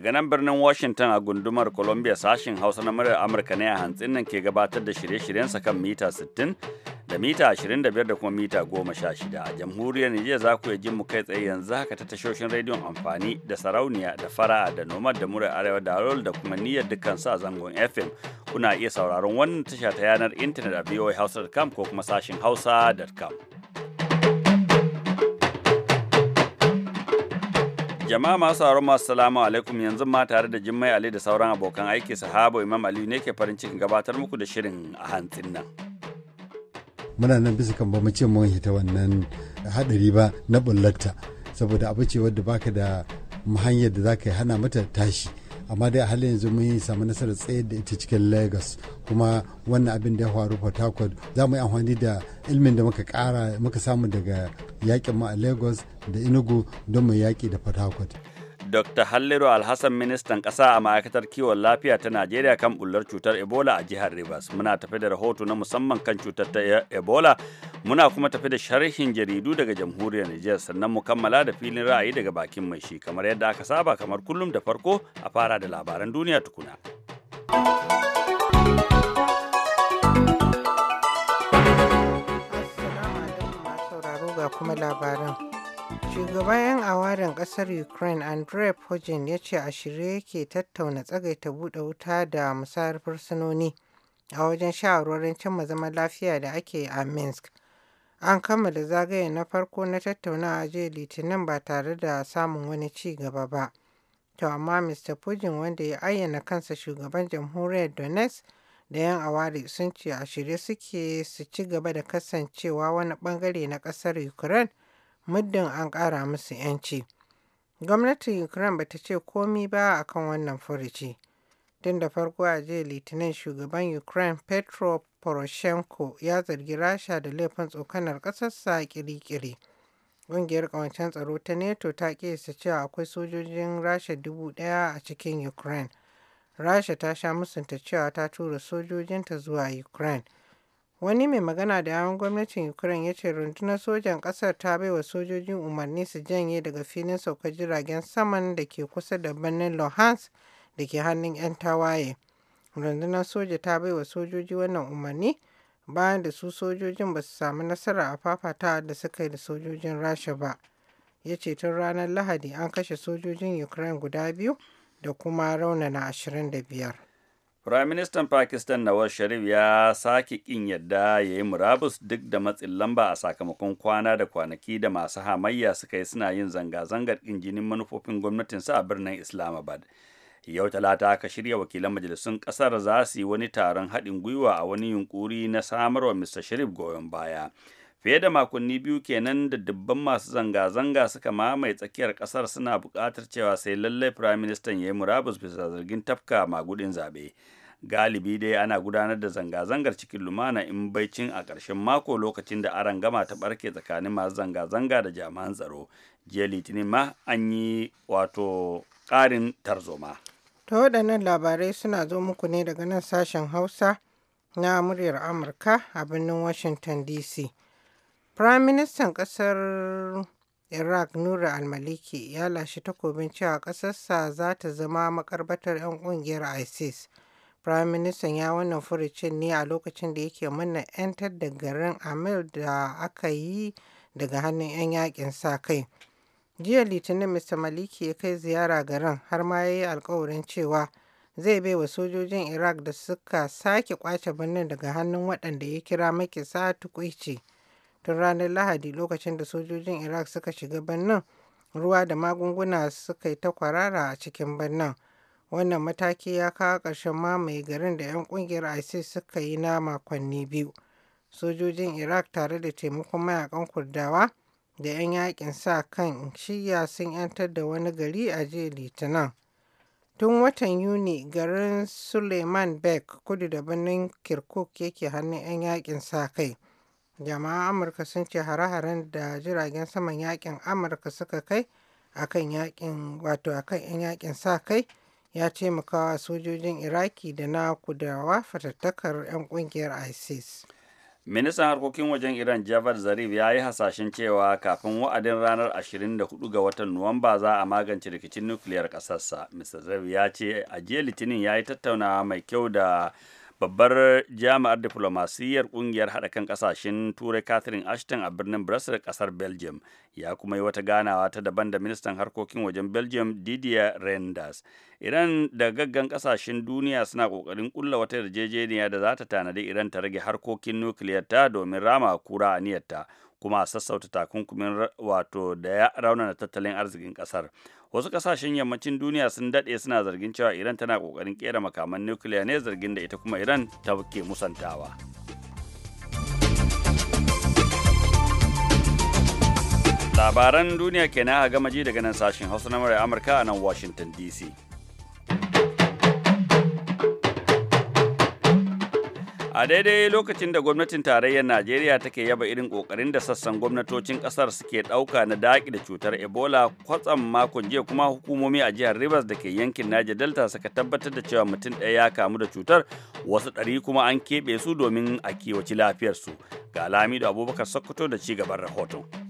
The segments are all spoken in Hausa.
daga nan birnin washington a gundumar columbia sashen hausa na murar amurka ne a hantsin nan ke gabatar da shirye-shiryensa kan mita 60 da mita 25 da kuma mita 16 a jamhuriyar nijiya za ku jin mu kai tsaye yanzu haka ta tashoshin rediyon amfani da sarauniya da fara da nomad da murar arewa da rol da kuma niyyar dukkan sa zangon fm kuna iya sauraron wannan tasha ta yanar intanet a voahausa.com ko kuma sashin hausa.com Jama'a masu haron masu salamu alaikum yanzu ma tare da Jummai Ali da sauran abokan aiki sahabo Imam Ali ne ke farin cikin gabatar muku da shirin a hantsin nan. Muna nan bisa kan ba mu ce mun hita wannan hadari ba na bullatta saboda abu ce wadda baka da hanyar da zaka yi hana mata tashi amma dai a halin yanzu mun yi samu nasarar tsayar da ita cikin lagos kuma wannan abin da ya faru port harcourt za mu yi amfani da ilmin da muka kara muka samu daga yakin mu a lagos da inugu don mu yaki da port harcourt Dr. Halliru Alhassan ministan ƙasa a ma'aikatar kiwon lafiya ta Najeriya kan bullar cutar Ebola a jihar Rivers. Muna tafi da rahoto na musamman kan cutar ta e-, Ebola. Muna kuma tafi da sharhin jaridu daga jamhuriyar Nijar sannan mu kammala da filin ra'ayi daga bakin mai shi kamar yadda aka saba kamar kullum da farko a fara da labaran duniya tukuna. Assalamu alaikum ga kuma labaran. Shugaban 'yan awarin ƙasar Ukraine andre Pugin ya ce a shirye yake tattauna tsagaita buɗe wuta da musayar fursunoni a wajen shawarwarin cimma zaman lafiya da ake a Minsk. An kammala zagaye na farko na tattauna a jiya Litinin ba tare da samun wani ci gaba ba. To amma Mr. Pugin wanda ya ayyana kansa shugaban jamhuriyar Donetsk da 'yan awari sun ce a shirye suke su ci gaba da kasancewa wani bangare na kasar Ukraine muddin an ƙara musu 'yanci. Gwamnatin Ukraine bata ce komi ba akan wannan furuci. Tun da farko a jiya Litinin shugaban Ukraine Petro Poroshenko ya zargi Rasha da laifin tsokanar ƙasarsa kirikiri. Ƙungiyar ƙawancen tsaro ta NATO ta ƙiyasta cewa akwai sojojin Rasha dubu ɗaya a cikin Ukraine. Rasha ta sha musunta cewa ta tura sojojinta zuwa Ukraine. Wani mai magana da yawon gwamnatin Ukraine ya ce rundunar sojan ƙasar ta baiwa sojojin umarni su janye daga filin saukar jiragen saman da ke kusa da birnin lohans da ke hannun 'yan tawaye. Rundunar soja ta baiwa sojoji wannan umarni bayan da su sojojin ba su samu nasara a fafata da suka yi da sojojin Rasha ba. Ya ce tun ranar Lahadi an kashe sojojin Ukraine guda biyu da kuma raunana biyar. Firaministan Pakistan Nawaz Sharif ya sake ƙin yadda ya yi murabus duk da matsin lamba a sakamakon kwana da kwanaki da masu hamayya suka yi suna yin zanga-zangar ƙin jinin manufofin gwamnatinsa a birnin Islamabad. Yau talata aka shirya wakilan majalisun ƙasar za su yi wani taron haɗin gwiwa a wani yunƙuri na samarwa Mr. Sharif goyon baya. fiye da makonni biyu kenan da dubban masu zanga-zanga suka mamaye tsakiyar kasar suna buƙatar cewa sai lallai firaministan ya yi murabus bisa zargin tafka magudin zaɓe galibi dai ana gudanar da zanga-zangar cikin lumana in baicin a ƙarshen mako lokacin da aron gama ta ɓarke tsakanin masu zanga-zanga da jami'an tsaro jiya litinin ma an yi wato ƙarin tarzoma ta waɗannan labarai suna zo muku ne daga nan sashen hausa na muryar amurka a birnin washington dc Firaministan ƙasar Iraq Nura al-Maliki ya lashe takobin cewa ƙasarsa za ta zama makarbatar 'yan ƙungiyar ISIS. Firaministan ya wannan furucin ne a lokacin da yake muna 'yantar da garin Amir da aka yi daga hannun 'yan yakin sa kai. Jiya Litinin Mr. Maliki ya kai ziyara garin har ma ya yi alkawarin cewa zai bai wa sojojin Iraq da suka sake kwace birnin daga hannun waɗanda ya kira makisa tukuici. tun ranar Lahadi lokacin da sojojin Iraq suka shiga birnin, ruwa da magunguna suka yi ta kwarara a cikin birnin. Wannan mataki ya kawo ƙarshen mamaye garin da 'yan ƙungiyar ISIS suka yi na makonni biyu. Sojojin Iraq tare da taimakon mayakan Kurdawa da 'yan yakin sa kan shiya sun 'yantar da wani gari a jiya Litinin. Tun watan Yuni garin Suleiman beck kudu da birnin Kirkuk yake hannun 'yan yakin sa kai. Jama'an Amurka sun ce hare-haren da jiragen saman yakin Amurka suka kai akan yakin wato akan 'yan yakin sa kai ya taimakawa sojojin Iraki da na kudawa fatattakar 'yan kungiyar ISIS. Ministan harkokin wajen Iran Javad Zarif ya yi hasashen cewa kafin wa'adin ranar 24 ga watan Nuwamba za a magance rikicin nukiliyar kasarsa Mr. Zarif ya ce a Litinin ya yi tattaunawa mai kyau da babbar jami'ar diflomasiyyar kungiyar haɗa kan ƙasashen turai catherine ashton a birnin brussels kasar belgium ya kuma yi wata ganawa ta daban da ministan harkokin wajen belgium didier renders iran da gaggan ƙasashen duniya suna ƙoƙarin ƙulla wata yarjejeniya da za ta tanadi iran ta rage harkokin nukiliyarta domin rama kura a niyyarta. kuma a sassauta takunkumin wato da ya raunana tattalin arzikin kasar wasu kasashen yammacin duniya sun daɗe suna zargin cewa iran tana ƙoƙarin ƙera makaman nukiliya ne zargin da ita kuma iran ta ke musantawa labaran duniya kenan a gama daga nan sashen hausa na amurka a nan washington dc A daidai lokacin da gwamnatin tarayyar Najeriya take yaba irin kokarin da sassan gwamnatocin kasar suke ɗauka na daƙi da cutar Ebola kwatsam makon jiya kuma hukumomi a jihar Rivers da ke yankin Niger Delta suka tabbatar da cewa mutum ɗaya ya kamu da cutar wasu ɗari kuma an keɓe su domin a kiwaci su, Ga da Abubakar Sokoto da ci gaban rahoton.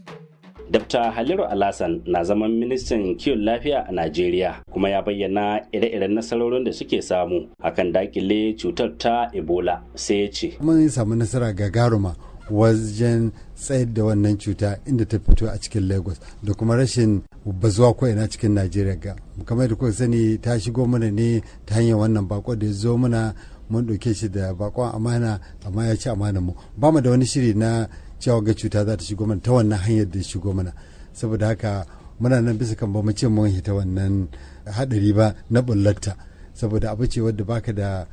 Dr. Haliru Alasan na zaman ministan kiwon lafiya a Najeriya kuma ya bayyana ire-iren nasarorin da suke samu akan dakile cutar ta Ebola sai ya ce. Mun samu nasara gagaruma wajen tsayar da wannan cuta inda ta fito a cikin Lagos da kuma rashin bazuwa ko'ina cikin Najeriya ga. Kamar da kuka sani ta shigo mana ne ta hanyar wannan bako da ya zo mana mun ɗauke shi da bakon amana amma ya ci amana mu. Ba mu da wani shiri na cewa ga cuta za ta shigo mana ta wannan hanyar da ya shigo mana saboda haka muna nan bisa kan ba mu ce mun hita wannan hadari ba na bullatta saboda abu ce wadda baka da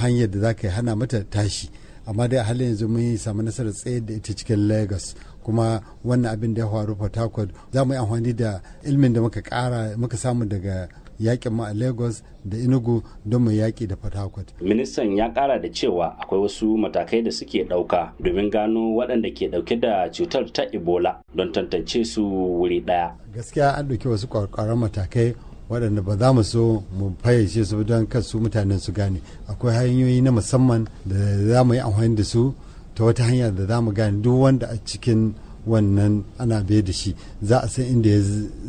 hanyar da zaka hana mata tashi amma dai a halin yanzu mun samu nasarar tsayar da ita cikin lagos kuma wannan abin da ya faru port harcourt za mu yi amfani da ilmin da muka kara muka samu daga yakin ma a lagos da inugu don mu yaki da port ministan ya kara da cewa akwai wasu matakai da suke ɗauka domin gano waɗanda ke ɗauke da cutar ta ebola don tantance su wuri ɗaya gaskiya an ɗauki wasu kwakwaran matakai waɗanda ba za mu so mu fayyace su don kar su mutanen su gane akwai hanyoyi na musamman da za mu yi amfani da su ta wata hanya da za mu gane duk wanda a cikin wannan ana bai da shi za a san inda ya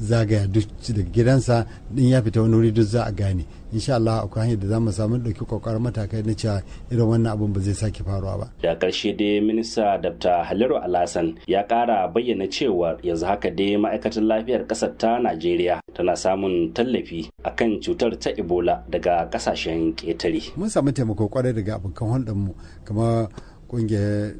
zagaya duk daga gidansa din ya fita wani wuri duk za a gane insha Allah akwai hanyar da za mu samu dauki kokarin matakai na cewa irin wannan abun ba zai sake faruwa ba. Da karshe dai minista Dr. Haliru Alhassan ya kara bayyana cewa yanzu haka dai ma'aikatar lafiyar ƙasar ta Najeriya tana samun tallafi akan cutar ta Ebola daga ƙasashen ƙetare. Mun samu taimako kwarai daga abokan mu kamar kungiyar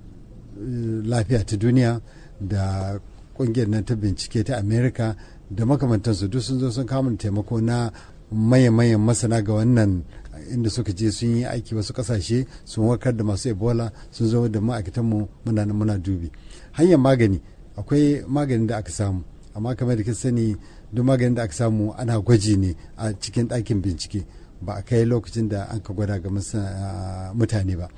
eh, lafiya ta duniya da kungiyar nan ta bincike ta america da makamantansu duk sun zo sun kamun taimako na maye maye masana ga wannan inda suka je sun yi aiki wasu kasashe sun warkar da masu ebola sun zo da ma'aikatanmu muna muna dubi hanyar magani akwai maganin da aka samu amma kamar da ka sani duk maganin da aka samu ana gwaji ne a cikin ɗakin bincike ba a kai lokacin da an ka gwada ga mutane ba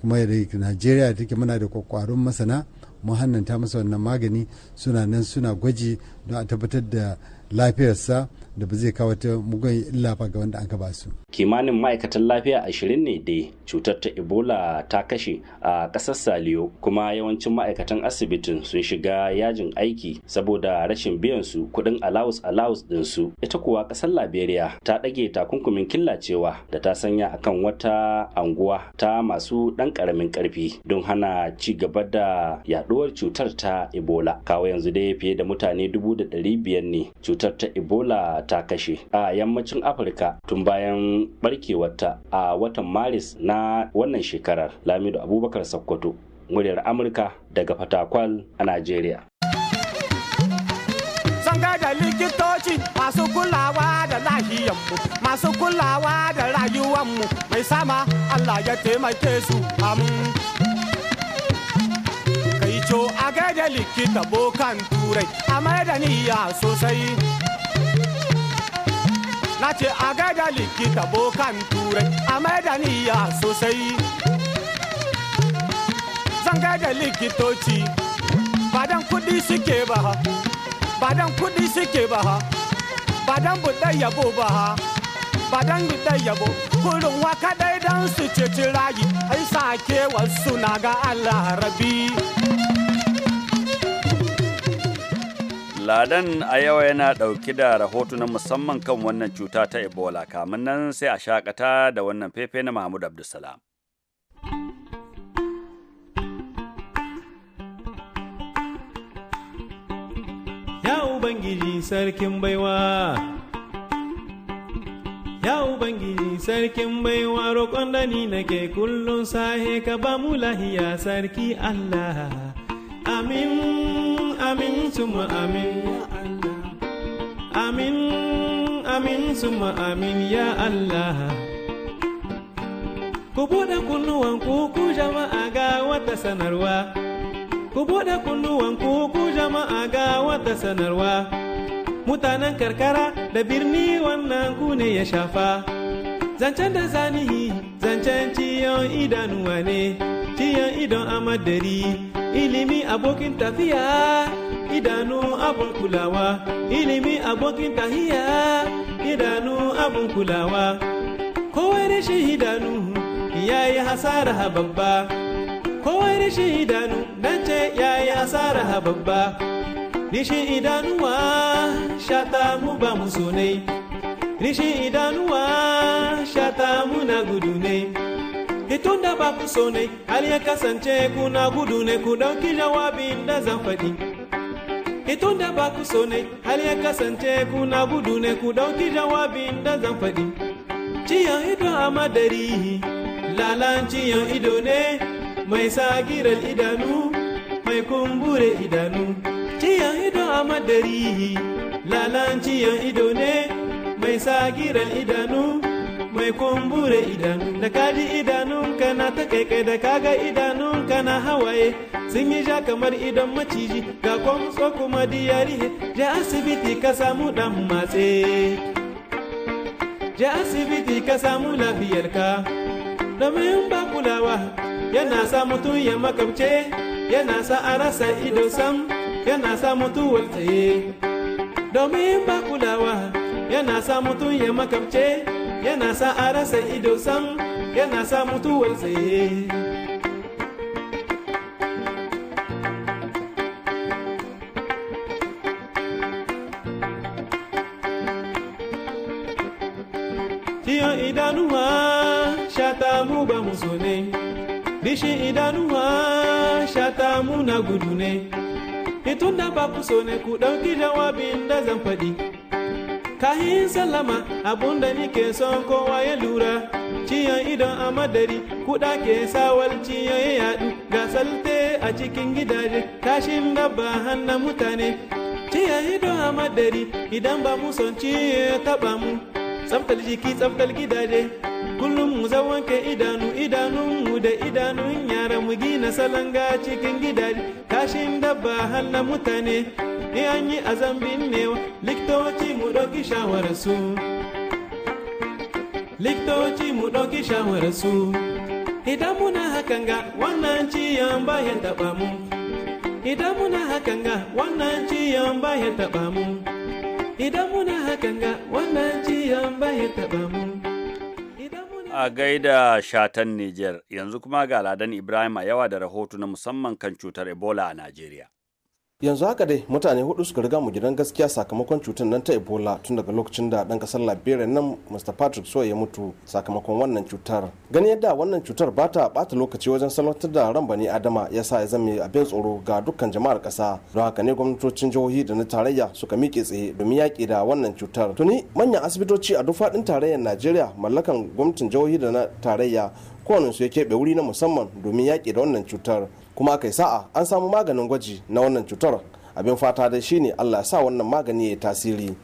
kuma da najeriya take muna da kwakwarun masana mun hannanta masa wannan magani suna nan suna gwaji don a tabbatar da lafiyarsa da ba zai kawo ta mugun lafa ga wanda an ba su. Kimanin ma'aikatan lafiya ashirin ne dai cutar ta Ebola ta kashe a ƙasar Saliyo kuma yawancin ma'aikatan asibitin sun shiga yajin aiki saboda rashin biyan su kuɗin alawus alawus ɗin su. Ita kuwa ƙasar laberiya ta ɗage takunkumin killacewa da ta sanya akan wata anguwa ta masu ɗan ƙaramin ƙarfi don hana ci gaba da yaɗuwar cutar ta Ebola. Kawo yanzu dai fiye da mutane dubu da ɗari biyar ne cutar ta Ebola ta kashe a yammacin afirka tun bayan barkewarta a watan maris na wannan shekarar lamido abubakar sakkwato muryar amurka daga fatakwal a najeriya da likitoci masu kulawa da lahiyanmu masu kulawa da rayuwanmu mai sama Allah ya taimake su amu Kai co a gaida likita bokan turai a mai da niyya sosai. na ce a gaida likita bokan turai a maidaniya sosai zan gaida likitoci badan kudi suke ba ha badan kudi suke ba ha badan budai yabo ba ha badan budai yabo kurin waka dai dan su ce rayu ai sake wasu na ga allah rabi Ladan a yau yana ɗauki da rahoto na musamman kan wannan cuta ta Ebola kamun nan sai a shakata da wannan fefe na Mahmud Abdulsalam. Ya Ubangiji sarkin baiwa, Ya Ubangiji sarkin baiwa roƙon da ni nake kullum sahe ka ba mu lahiya sarki Allah, amin. amin amin ya Allah amin amin summa amin ya Allah ku bude kunnuwan ku ku jama'a ga wata sanarwa ku bude kunnuwan ku ku jama'a ga wata sanarwa mutanen karkara da birni wannan ku ne ya shafa zancen da zanihi zancen ciyon idanuwa ne ciyon idon amadari ilimi abokin tafiya idanu abun kulawa ilimi abokin tahiya idanu abun kulawa kowai rashin idanu ya yi hasara babba kowai rashin idanu dan ce ya yi hasara babba rishin idanuwa shata mu ba mu so ne rishin idanuwa shata mu na gudu ne itunda da ba ku so ne, hal ya kasance kuna gudu ne ku ɗauki jawabin da zan faɗi. Itun da ba ku so ne, hal ya kasance kuna gudu ne ku ɗauki jawabin da zan faɗi. Ciyan ido a madari, lalan ciyan ido ne, mai sagiral idanu, mai kumbure idanu. Ciyan ido a madari, lalan ciyan ido ne, mai sagiral idanu, mai kumbure idanu da kaji idanunka na ta kaikai da kaga idanunka na hawaye sun yi ja kamar idan maciji ga kwamso kuma diyarihe je asibiti ka samu dan matse je asibiti ka samu lafiyarka domin ba kulawa yana sa mutum ya makamce yana sa a rasa ido sam yana sa mutuwar ye. domin ba kulawa yana sa mutum ya makamce yana sa a rasa ido sam yana sa mutuwar tsaye ciyon idanuwa shata mu ba mu ne idanuwa shata mu na gudu ne itun da ba ku ne ku ɗauki jawabin da zan faɗi kahin sallama abunda nike son kowa ya lura ciyan ido a madari kuɗa ke sawar ciyoyi ya yadu ga salte a cikin gidaje kashin dabba hannun mutane ciya idan a madari idan ba mu son ciye taba mu tsaftar jiki tsaftar gidaje kullum mu wanke idanu idanunmu da idanun yaran mu gina salanga cikin gidaje kashin dabba hannun mutane in an yi a zambin ne likitoci mu ɗauki shawararsu likitoci mu ɗauki shawararsu idan muna hakan ga wannan ciyan bayan taɓa mu idan muna hakan ga wannan ciyan bayan taɓa mu idan muna hakan ga wannan ciyan bayan taɓa mu a gaida shatan Nijar yanzu kuma ga Ladan Ibrahim a yawa da rahoto na musamman kan cutar Ebola a Najeriya. yanzu haka dai mutane hudu suka riga mu gidan gaskiya sakamakon cutar nan ta ebola tun daga lokacin da dan kasar liberia nan mr patrick so ya mutu sakamakon wannan cutar gani yadda wannan cutar ba ta bata lokaci wajen salwantar da ran bani adama ya sa ya zame abin tsoro ga dukkan jama'ar kasa don haka ne gwamnatocin jihohi da na tarayya suka miƙe tsaye domin yaƙi da wannan cutar tuni manyan asibitoci a duk faɗin tarayyar najeriya mallakan gwamnatin jihohi da na tarayya kowane su ya keɓe wuri na musamman domin yaƙi da wannan cutar kuma aka yi sa'a an samu maganin gwaji na wannan cutar abin fata dai ne allah ya sa wannan magani ya yi tasiri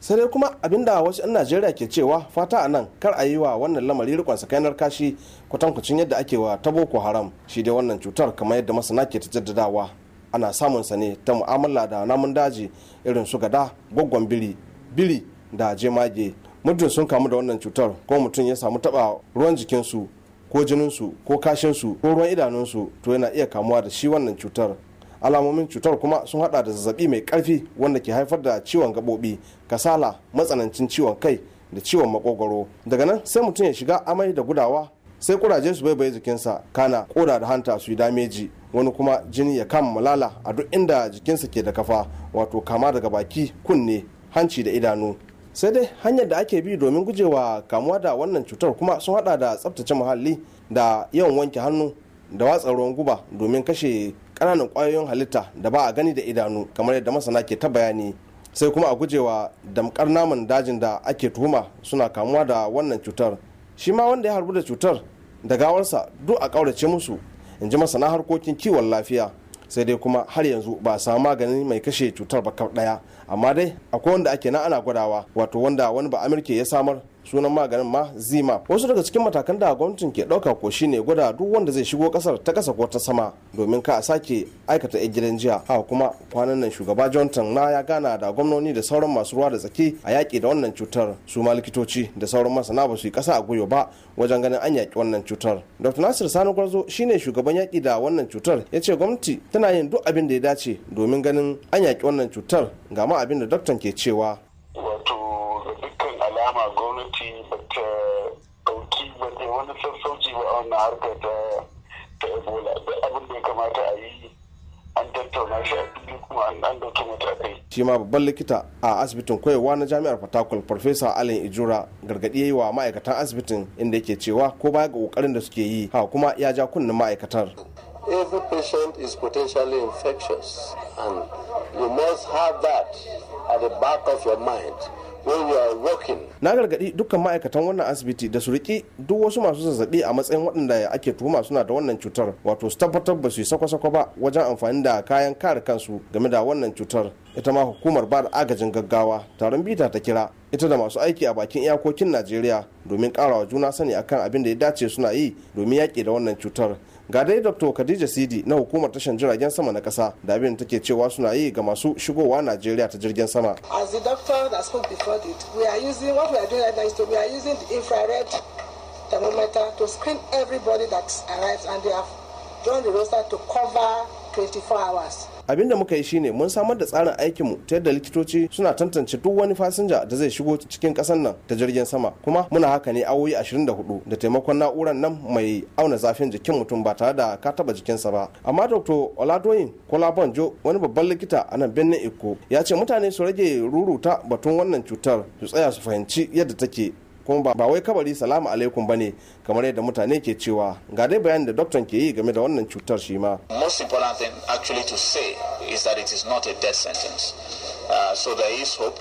sai dai kuma abinda wasu 'yan najeriya ke cewa fata a nan kar a yi wa wannan lamari rikon sakainar kashi kwatankwacin yadda ake wa ta boko haram shi dai wannan cutar kamar yadda masana ke ta jaddadawa ana samun sa ne ta mu'amala da namun daji irin su gada gwaggon biri biri da jemage muddin sun kamu da wannan cutar ko mutum ya samu taba ruwan jikinsu ko jininsu ko kashinsu ko ruwan idanunsu to yana iya kamuwa da shi wannan cutar alamomin cutar kuma sun hada da zazzabi mai karfi wanda ke haifar da ciwon gabobi kasala matsanancin ciwon kai da ciwon makogwaro daga nan sai mutum ya shiga amai da gudawa sai kuraje su baibaye jikinsa kana koda da hanta su yi dameji wani kuma jini ya kama malala a duk inda jikinsa ke da kafa wato kama daga baki kunne hanci da idanu sai dai hanyar da ake bi domin gujewa kamuwa da wannan cutar kuma sun hada da tsabtace muhalli da yawan wanke hannu da watsa ruwan guba domin kashe kananan kwayoyin halitta da ba a gani da idanu kamar yadda masana ke ta bayani sai kuma a gujewa damkar naman dajin da ake tuhuma suna kamuwa da wannan cutar shi ma wanda ya harbu da cutar da gawarsa duk a ƙaurace musu in ji masana harkokin kiwon lafiya sai dai kuma har yanzu ba a samu maganin mai kashe cutar ba ɗaya amma dai akwai wanda ake na ana gwadawa wato wanda wani ba amirke ya samar sunan maganin ma zima wasu daga cikin matakan da gwamnatin ke ɗauka ko shine gwada duk wanda zai shigo kasar ta kasa ko ta sama domin ka a sake aikata yan gidan jiya haka kuma kwanan nan shugaba johnson na ya gana da gwamnoni da sauran masu ruwa da tsaki a yaƙi da wannan cutar su ma likitoci da sauran masana ba su yi kasa a goyo ba wajen ganin an yaƙi wannan cutar dr nasir sani gwarzo shine shugaban yaƙi da wannan cutar ya ce gwamnati tana yin duk abin da ya dace domin ganin an yaƙi wannan cutar ga ma abin da daktan ke cewa harkar ta ta ebola duk abin da ya kamata a yi an tattauna shi a duk kuma an dauki kai shi ma babban likita a asibitin koyarwa na jami'ar fatakwal farfesa alin ijura gargaɗi ya yi wa ma'aikatan asibitin inda yake cewa ko baya ga ƙoƙarin da suke yi ha kuma ya ja kunnen ma'aikatar. every patient is potentially infectious and you must have that at the back of your mind na gargaɗi dukkan ma'aikatan wannan asibiti da su riƙi duk wasu masu zazzaɓi a matsayin waɗanda ake tuhuma suna da wannan cutar wato su tabbatar ba su yi sakwasakwa ba wajen amfani da kayan kare kansu game da wannan cutar ita ma hukumar ba da agajin gaggawa taron bita ta kira ita da masu aiki a bakin iyakokin najeriya domin karawa juna sani akan abin da ya dace suna yi domin yaƙi da wannan cutar ga dai dr khadija sidi na hukumar tashar jiragen sama na kasa da abin take cewa suna yi ga masu shigowa najeriya ta jirgin sama as the doctor that spoke before did we are using what we are doing right now is to we are using the infrared thermometer to screen everybody that arrives and they have joined the roster to cover 24 hours abin da muka yi shine mun samar da tsarin aikin mu ta yadda likitoci suna tantance duk wani fasinja da zai shigo cikin kasar nan ta jirgin sama kuma muna haka ne awoyi 24 da taimakon na'urar nan mai auna zafin jikin mutum ba tare da ka taba jikinsa ba amma dr oladoyin kolabonjo wani babban likita a nan birnin eko ya ce mutane su rage ruruta batun wannan cutar su tsaya su fahimci yadda take kuma ba wai kabari salamu alaikum bane kamar yadda mutane ke cewa ga dai bayanin da doktan ke yi game da wannan cutar shi ma most important thing actually to say is that it is not a death sentence uh, so there is hope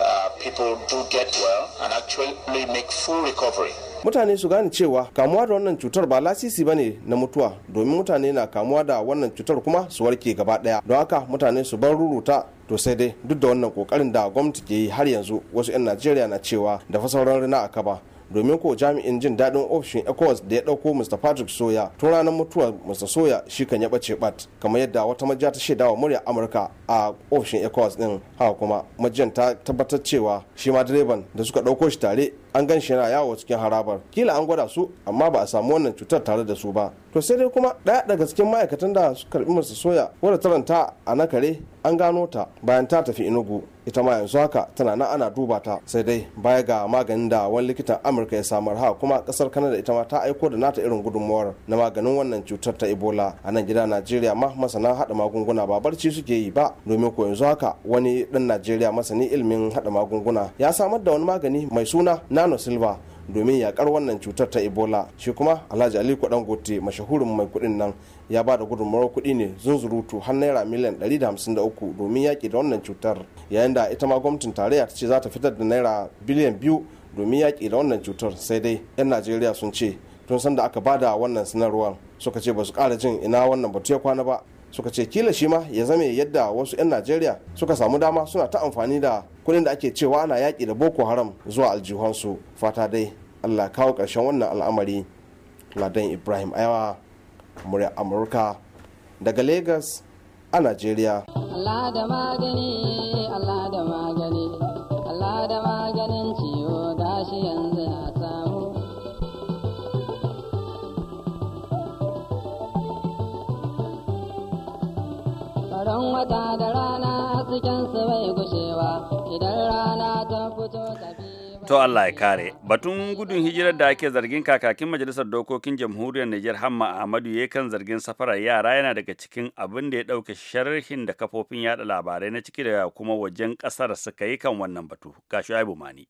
uh, people do get well and actually make full recovery mutane su gane cewa kamuwa da wannan cutar ba lasisi bane na mutuwa domin mutane na kamuwa da wannan cutar kuma su warke gaba daya don haka mutane su bar ruruta to sai dai duk da wannan kokarin da gwamnati ke yi har yanzu wasu 'yan najeriya na cewa da fa sauran rina a kaba domin ko jami'in jin daɗin ofishin ecowas da ya ɗauko mr patrick soya tun ranar mutuwar mr soya shi kan ya ɓace bat kamar yadda wata majiya ta shaidawa murya amurka a ofishin ecowas ɗin haka kuma majiyan ta tabbatar cewa shi ma direban da suka ɗauko shi tare an gan shi yana yawo cikin harabar kila an gwada su amma ba a samu wannan cutar tare da su ba to sai dai kuma ɗaya daga cikin ma'aikatan da suka karɓi mr soya wadda taranta a na kare an gano ta bayan ta tafi inugu ita ma yanzu haka tana nan ana duba ta sai dai baya ga maganin da wani likitan amurka ya samar ha kuma kasar kanada ita ma ta aiko da nata irin gudunmuwar na maganin wannan cutar ta ebola a nan gida najeriya ma masana hada magunguna ba barci suke yi ba domin ko yanzu haka wani dan najeriya masani ilimin hada magunguna ya samar da wani magani mai suna nano silver domin yakar wannan cutar ta ebola shi kuma alhaji aliko dangote mashahurin mai kuɗin nan ya ba da gudunmawar kuɗi ne zunzurutu har naira miliyan 153 domin yaƙi da wannan cutar yayin da ita ma gwamnatin tarayya ta ce za ta fitar da naira biliyan biyu domin yaƙi da wannan cutar sai dai 'yan najeriya sun ce tun sanda aka bada wannan sanarwar suka ce ba su kara jin ina wannan batu ya kwana ba suka ce kila shi ma ya zame yadda wasu 'yan najeriya suka samu dama suna ta amfani da kudin da ake cewa ana yaƙi da boko haram zuwa aljihunsu fata dai allah kawo ƙarshen wannan al'amari ladan ibrahim ayawa murya amurka daga lagos a najeriya allah da magani allah da magani allah da maganin ci. wata da rana cikin bai gushewa idan rana ta fito To Allah ya kare, batun gudun hijirar da ake zargin kakakin Majalisar Dokokin Jamhuriyar Nijar Hamma Ahmadu ya kan zargin safarar yara yana daga cikin abin da ya ɗauke sharhin da kafofin yada labarai na ciki da kuma wajen ƙasar suka yi kan wannan batu. Ga Shu'aibu Mani.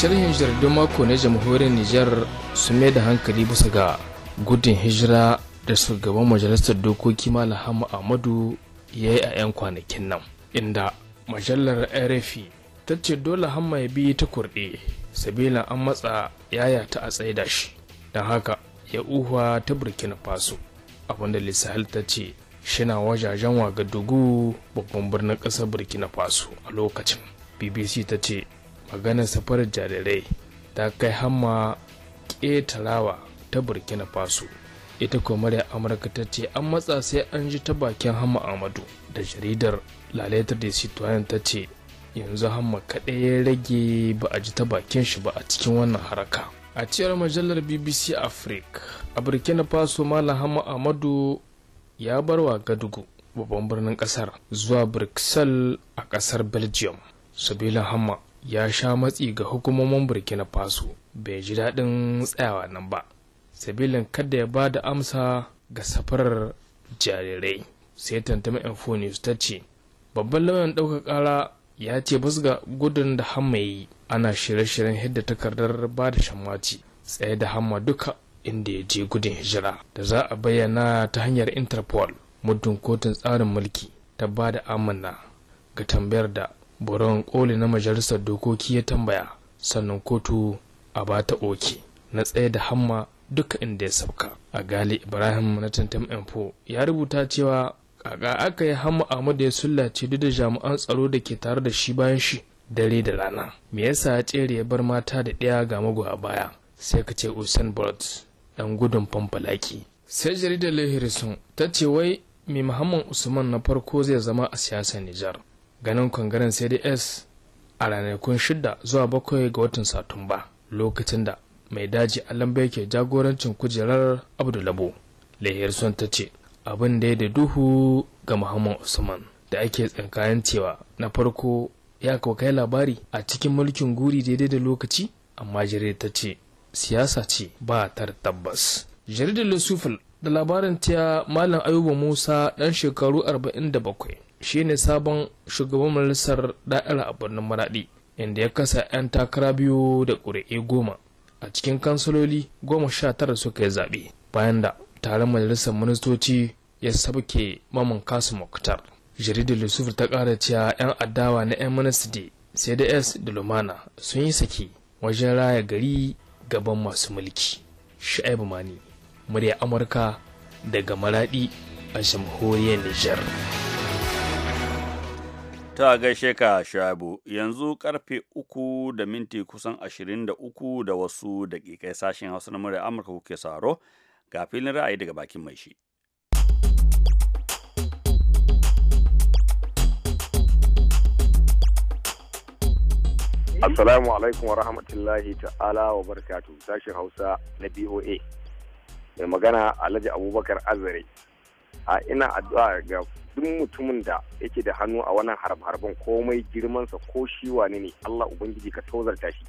sharhin jaridun mako na jamhuriyar Nijar su mai da hankali bisa ga gudun hijira da shugaban majalisar dokoki Malam Ahmadu ya yi a 'yan kwanakin nan inda majalar RFI ta ce dole hamma ya bi ta kurɗe sabila an matsa yaya ta a tsaida shi don haka ya uhuwa ta burkina faso abinda lissahil ta ce shina wajajen wagadugu babban birnin ƙasar burkina faso a lokacin bbc ta ce maganar safar jarirai ta kai hamma ƙetarawa ta burkina faso ita kwamariya amurka ta ce an matsa sai an ji ta bakin hamma amadu da jaridar laletar da citoyen ta ce yanzu hamma kaɗai ya rage ba a ji ta bakin shi ba a cikin wannan haraka a cewar majalar bbc africa a burkina faso malam hamma amadu ya bar wa gadugu babban birnin ƙasar zuwa bruxelles a ƙasar belgium sabila hamma ya sha matsi ga hukumomin burkina faso bai ji daɗin tsayawa nan ba sabilin kada ya ba da amsa ga safarar jarirai sai tantama infonius ta ce babban lauyan ɗaukar ƙara ya ce bas ga gudun da hamma yi ana shirye-shiryen hidda takardar ba da shammaci tsaye da hamma duka inda ya je gudun hijira da za a bayyana ta hanyar interpol muddin kotun tsarin mulki ta ba da amana ga tambayar da Buron koli na majalisar dokoki ya tambaya sannan kotu a ba ta oke na tsaye da hamma duka inda ya sauka a gali ibrahim na tantam 4 ya rubuta cewa kaga aka yi hamma da ya sullace duk da jami'an tsaro da ke tare da shi bayan shi dare da rana me yasa ya tsere ya bar mata da ɗaya ga magoya baya sai ka ce usain bolt dan gudun famfalaki sai jaridar sun ta ce wai mai muhammad usman na farko zai zama a siyasar nijar ganin kwangaren cds a ranakun 6 zuwa 7 ga watan satumba lokacin da mai daji alambe ke jagorancin kujerar abdulabo lahiyar son ta ce abin da ya da duhu ga muhammad usman da ake tsinkayen cewa na farko ya kawo kai labari a cikin mulkin guri daidai da lokaci amma jirai ta ce siyasa ce ba ta tabbas jaridar lusufil da labarin ta malam ayuba musa dan shekaru 47 shine sabon shugaban majalisar da'ira a birnin maradi inda ya kasa 'yan takara biyu da ƙuri'i goma a cikin kansaloli goma sha tara suka yi zaɓe bayan da taron majalisar ministoci ya sabke maman kasu muktar jaridar lusuf ta ƙara cewa 'yan adawa na 'yan ministry cds da lumana sun yi saki wajen raya gari gaban masu mulki sha'ibu mani murya amurka daga maradi a jamhuriyar nijar Ta gaishe ka Shabu, yanzu karfe uku da minti kusan ashirin da uku da wasu daƙiƙai sashen Hausa na murya Amurka kuke saro ga filin ra'ayi daga bakin mai shi. Assalamu alaikum wa rahmatullahi ta'ala wa barakatu sashen Hausa na BOA. Mai magana Alhaji Abubakar Azare. A ina addu'a ga duk mutumin da yake da hannu a wannan harbe-harben komai girmansa ko shi wane ne Allah ubangiji ka tozarta shi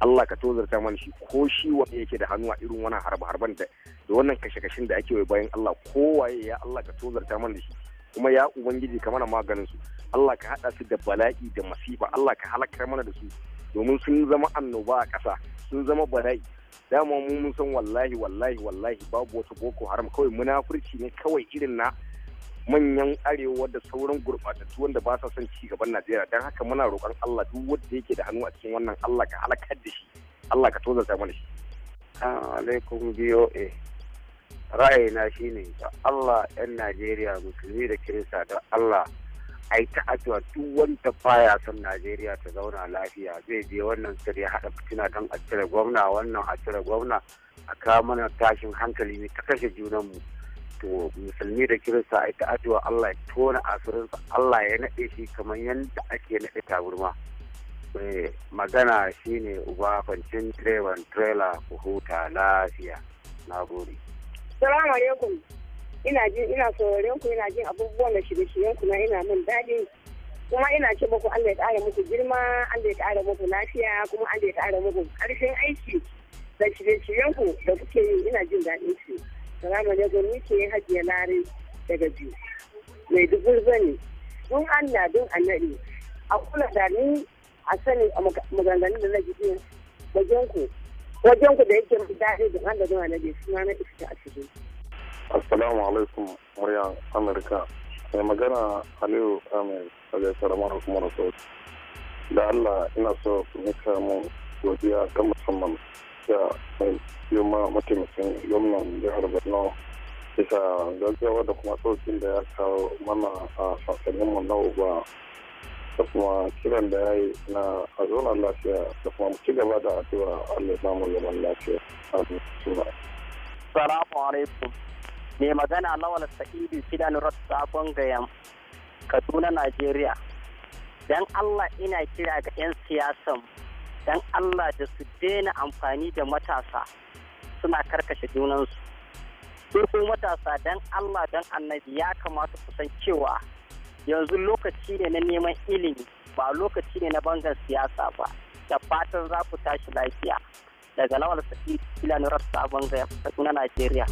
Allah ka tozarta mana shi ko shi wane yake da hannu a irin wannan harbe-harben da wannan kashe-kashen da ake bayan Allah ko waye ya Allah ka tozarta mana shi kuma ya ubangiji ka mana maganin su Allah ka hada su da bala'i da masifa Allah ka halakar mana da su domin sun zama annoba a ƙasa sun zama bala'i dama mun san wallahi wallahi wallahi babu wata boko haram kawai munafurci ne kawai irin na manyan arewa da sauran gurɓatattu wanda ba sa son ci gaban najeriya dan haka muna roƙon allah duk wanda yake da hannu a cikin wannan allah ka halakar da shi allah ka tozarta mana shi alaikum boa ra'ayina shine da allah yan najeriya musulmi da kirista da allah a yi ta addu'a duk wanda baya son najeriya ta zauna lafiya zai je wannan sir hada haɗa fitina don a cire gwamna wannan a cire gwamna a kawo mana tashin hankali ne ta kashe junanmu to musulmi da kirista a ita addu'a Allah ya tona asirin Allah ya naɗe shi kamar yadda ake naɗe taburma eh, magana shine uba fancin direban trela ku huta lafiya na gode salamu alaikum ina jin ina sauraren ku ina jin abubuwan da shirye-shiryen ku na ina min daɗi kuma ina ce muku Allah ya ƙara muku girma Allah ya ƙara muku lafiya kuma Allah ya ƙara muku ƙarfin aiki da shirye-shiryen ku da kuke yi ina jin daɗin shi Salamu alaikum ni ke hajiya lare daga biyu. Mai dubur zani. Don Allah don annabi. A kula da ni a sani a maganganu da na ji wajenku. Wajenku da da yake mai da don Allah na suna na iska a cikin. Assalamu alaikum murya Amurka. Mai magana Aliyu Ahmed daga Saramar Sauti. Da Allah ina so ku nika mun godiya ta musamman da yoma mataimakin gwamnan jihar borno bisa gaggawa da kuma tsokin da ya kawo mana a sansaninmu na uba da kuma kiran da ya yi na a zonar lafiya da kuma ci gaba da addu'a allah samu zaman lafiya a suna. salamu alaikum mai magana lawal sa'idu shida nurat gayan kaduna najeriya dan allah ina kira ga 'yan siyasan dan Allah da su daina amfani da matasa suna karkashe junansu. Ko matasa dan Allah don annabi ya kamata su san cewa yanzu lokaci ne na neman ilimi ba lokaci ne na bangar siyasa ba da fatan za ku tashi lafiya daga lawal rasta filanurar sabon gaya na Najeriya.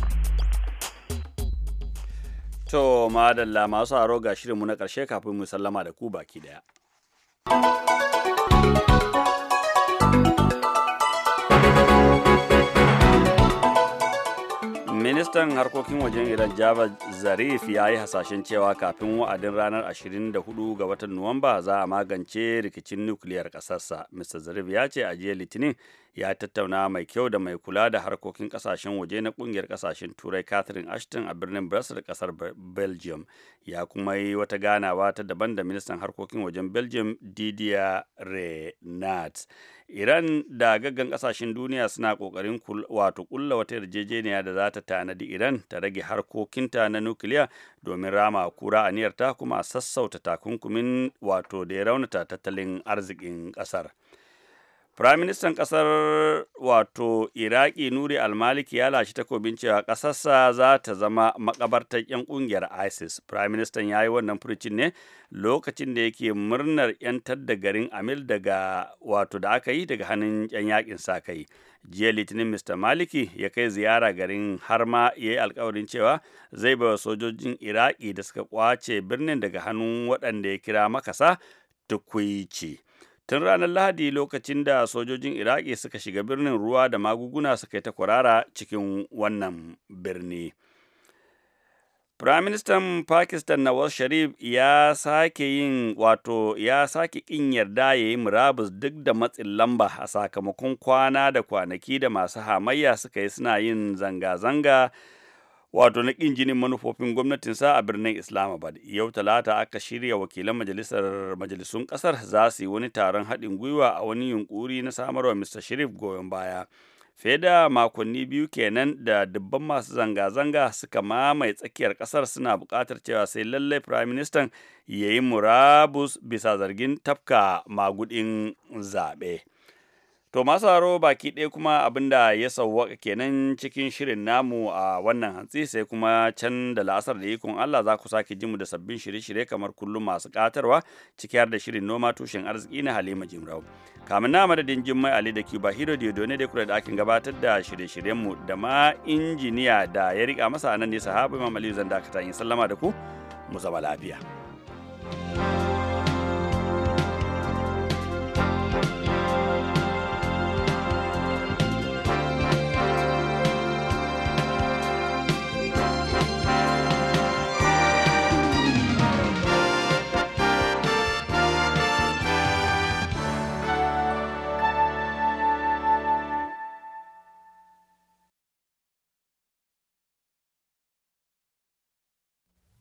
To, madalla masu haro ga shirinmu na ƙarshe kafin mu sallama da ku baki daya. ministan harkokin wajen iran java zarif ya yi hasashen cewa kafin wa'adin ranar 24 ga watan nuwamba za a magance rikicin nukiliyar ƙasarsa mr zarif ya ce a jiya litinin ya tattauna mai kyau da mai kula da harkokin kasashen waje na kungiyar kasashen turai catherine ashton a birnin brussels kasar belgium ya kuma yi wata ganawa ta daban da ministan harkokin wajen belgium didier renat Iran da gaggan kasashen duniya suna kokarin wato kulla wata yarjejeniya da za ta tanadi Iran ta rage harkokinta na nukiliya domin rama kura a aniyarta kuma a sassauta takunkumin wato da ya raunata tattalin arzikin ƙasar. Firaministan ƙasar wato Iraki Nuri Almaliki ya lashe takobin cewa ƙasarsa za ta zama makabartar 'yan ƙungiyar ISIS. Firaministan ya yi wannan furcin ne lokacin da yake murnar yan da garin Amil daga wato da aka yi daga hannun 'yan yakin sa kai. Jiya Litinin Mr. Maliki ya kai ziyara garin har ma ya yi alkawarin cewa zai baiwa sojojin Iraki da suka kwace birnin daga hannun waɗanda ya kira makasa tukwici. tun ranar lahadi lokacin da sojojin iraki suka shiga birnin ruwa da magunguna suka yi ta kwarara cikin wannan birni Firaministan Pakistan Nawaz Sharif ya sake yin wato ya sake kin yarda ya yi murabus duk da matsin lamba a sakamakon kwana da kwanaki da masu hamayya suka yi suna yin zanga-zanga wato na ƙin jinin manufofin gwamnatinsa a birnin islamabad yau talata aka shirya wakilan majalisar majalisun ƙasar za su yi wani taron haɗin gwiwa a wani yunƙuri na samarwa mr sharif goyon baya fiye da makonni biyu kenan da dubban masu zanga-zanga suka mamaye tsakiyar ƙasar suna buƙatar cewa sai lallai prime minister ya yi murabus bisa zargin tafka magudin zaɓe. To masu haro baki ɗaya kuma abin da ya sauwaka kenan cikin shirin namu a wannan hantsi sai kuma can da la'asar da ikon Allah za ku sake jimu da sabbin shirye-shirye kamar kullum masu ƙatarwa ciki har da shirin noma tushen arziki na Halima Jimrau. Kamin na madadin Jummai Ali da Cuba Hiro da ne da kura da akin gabatar da shirye-shiryenmu da ma injiniya da ya riƙa masa nan ne sahabu Imam Aliyu zan dakata in sallama da ku mu zama lafiya. thank you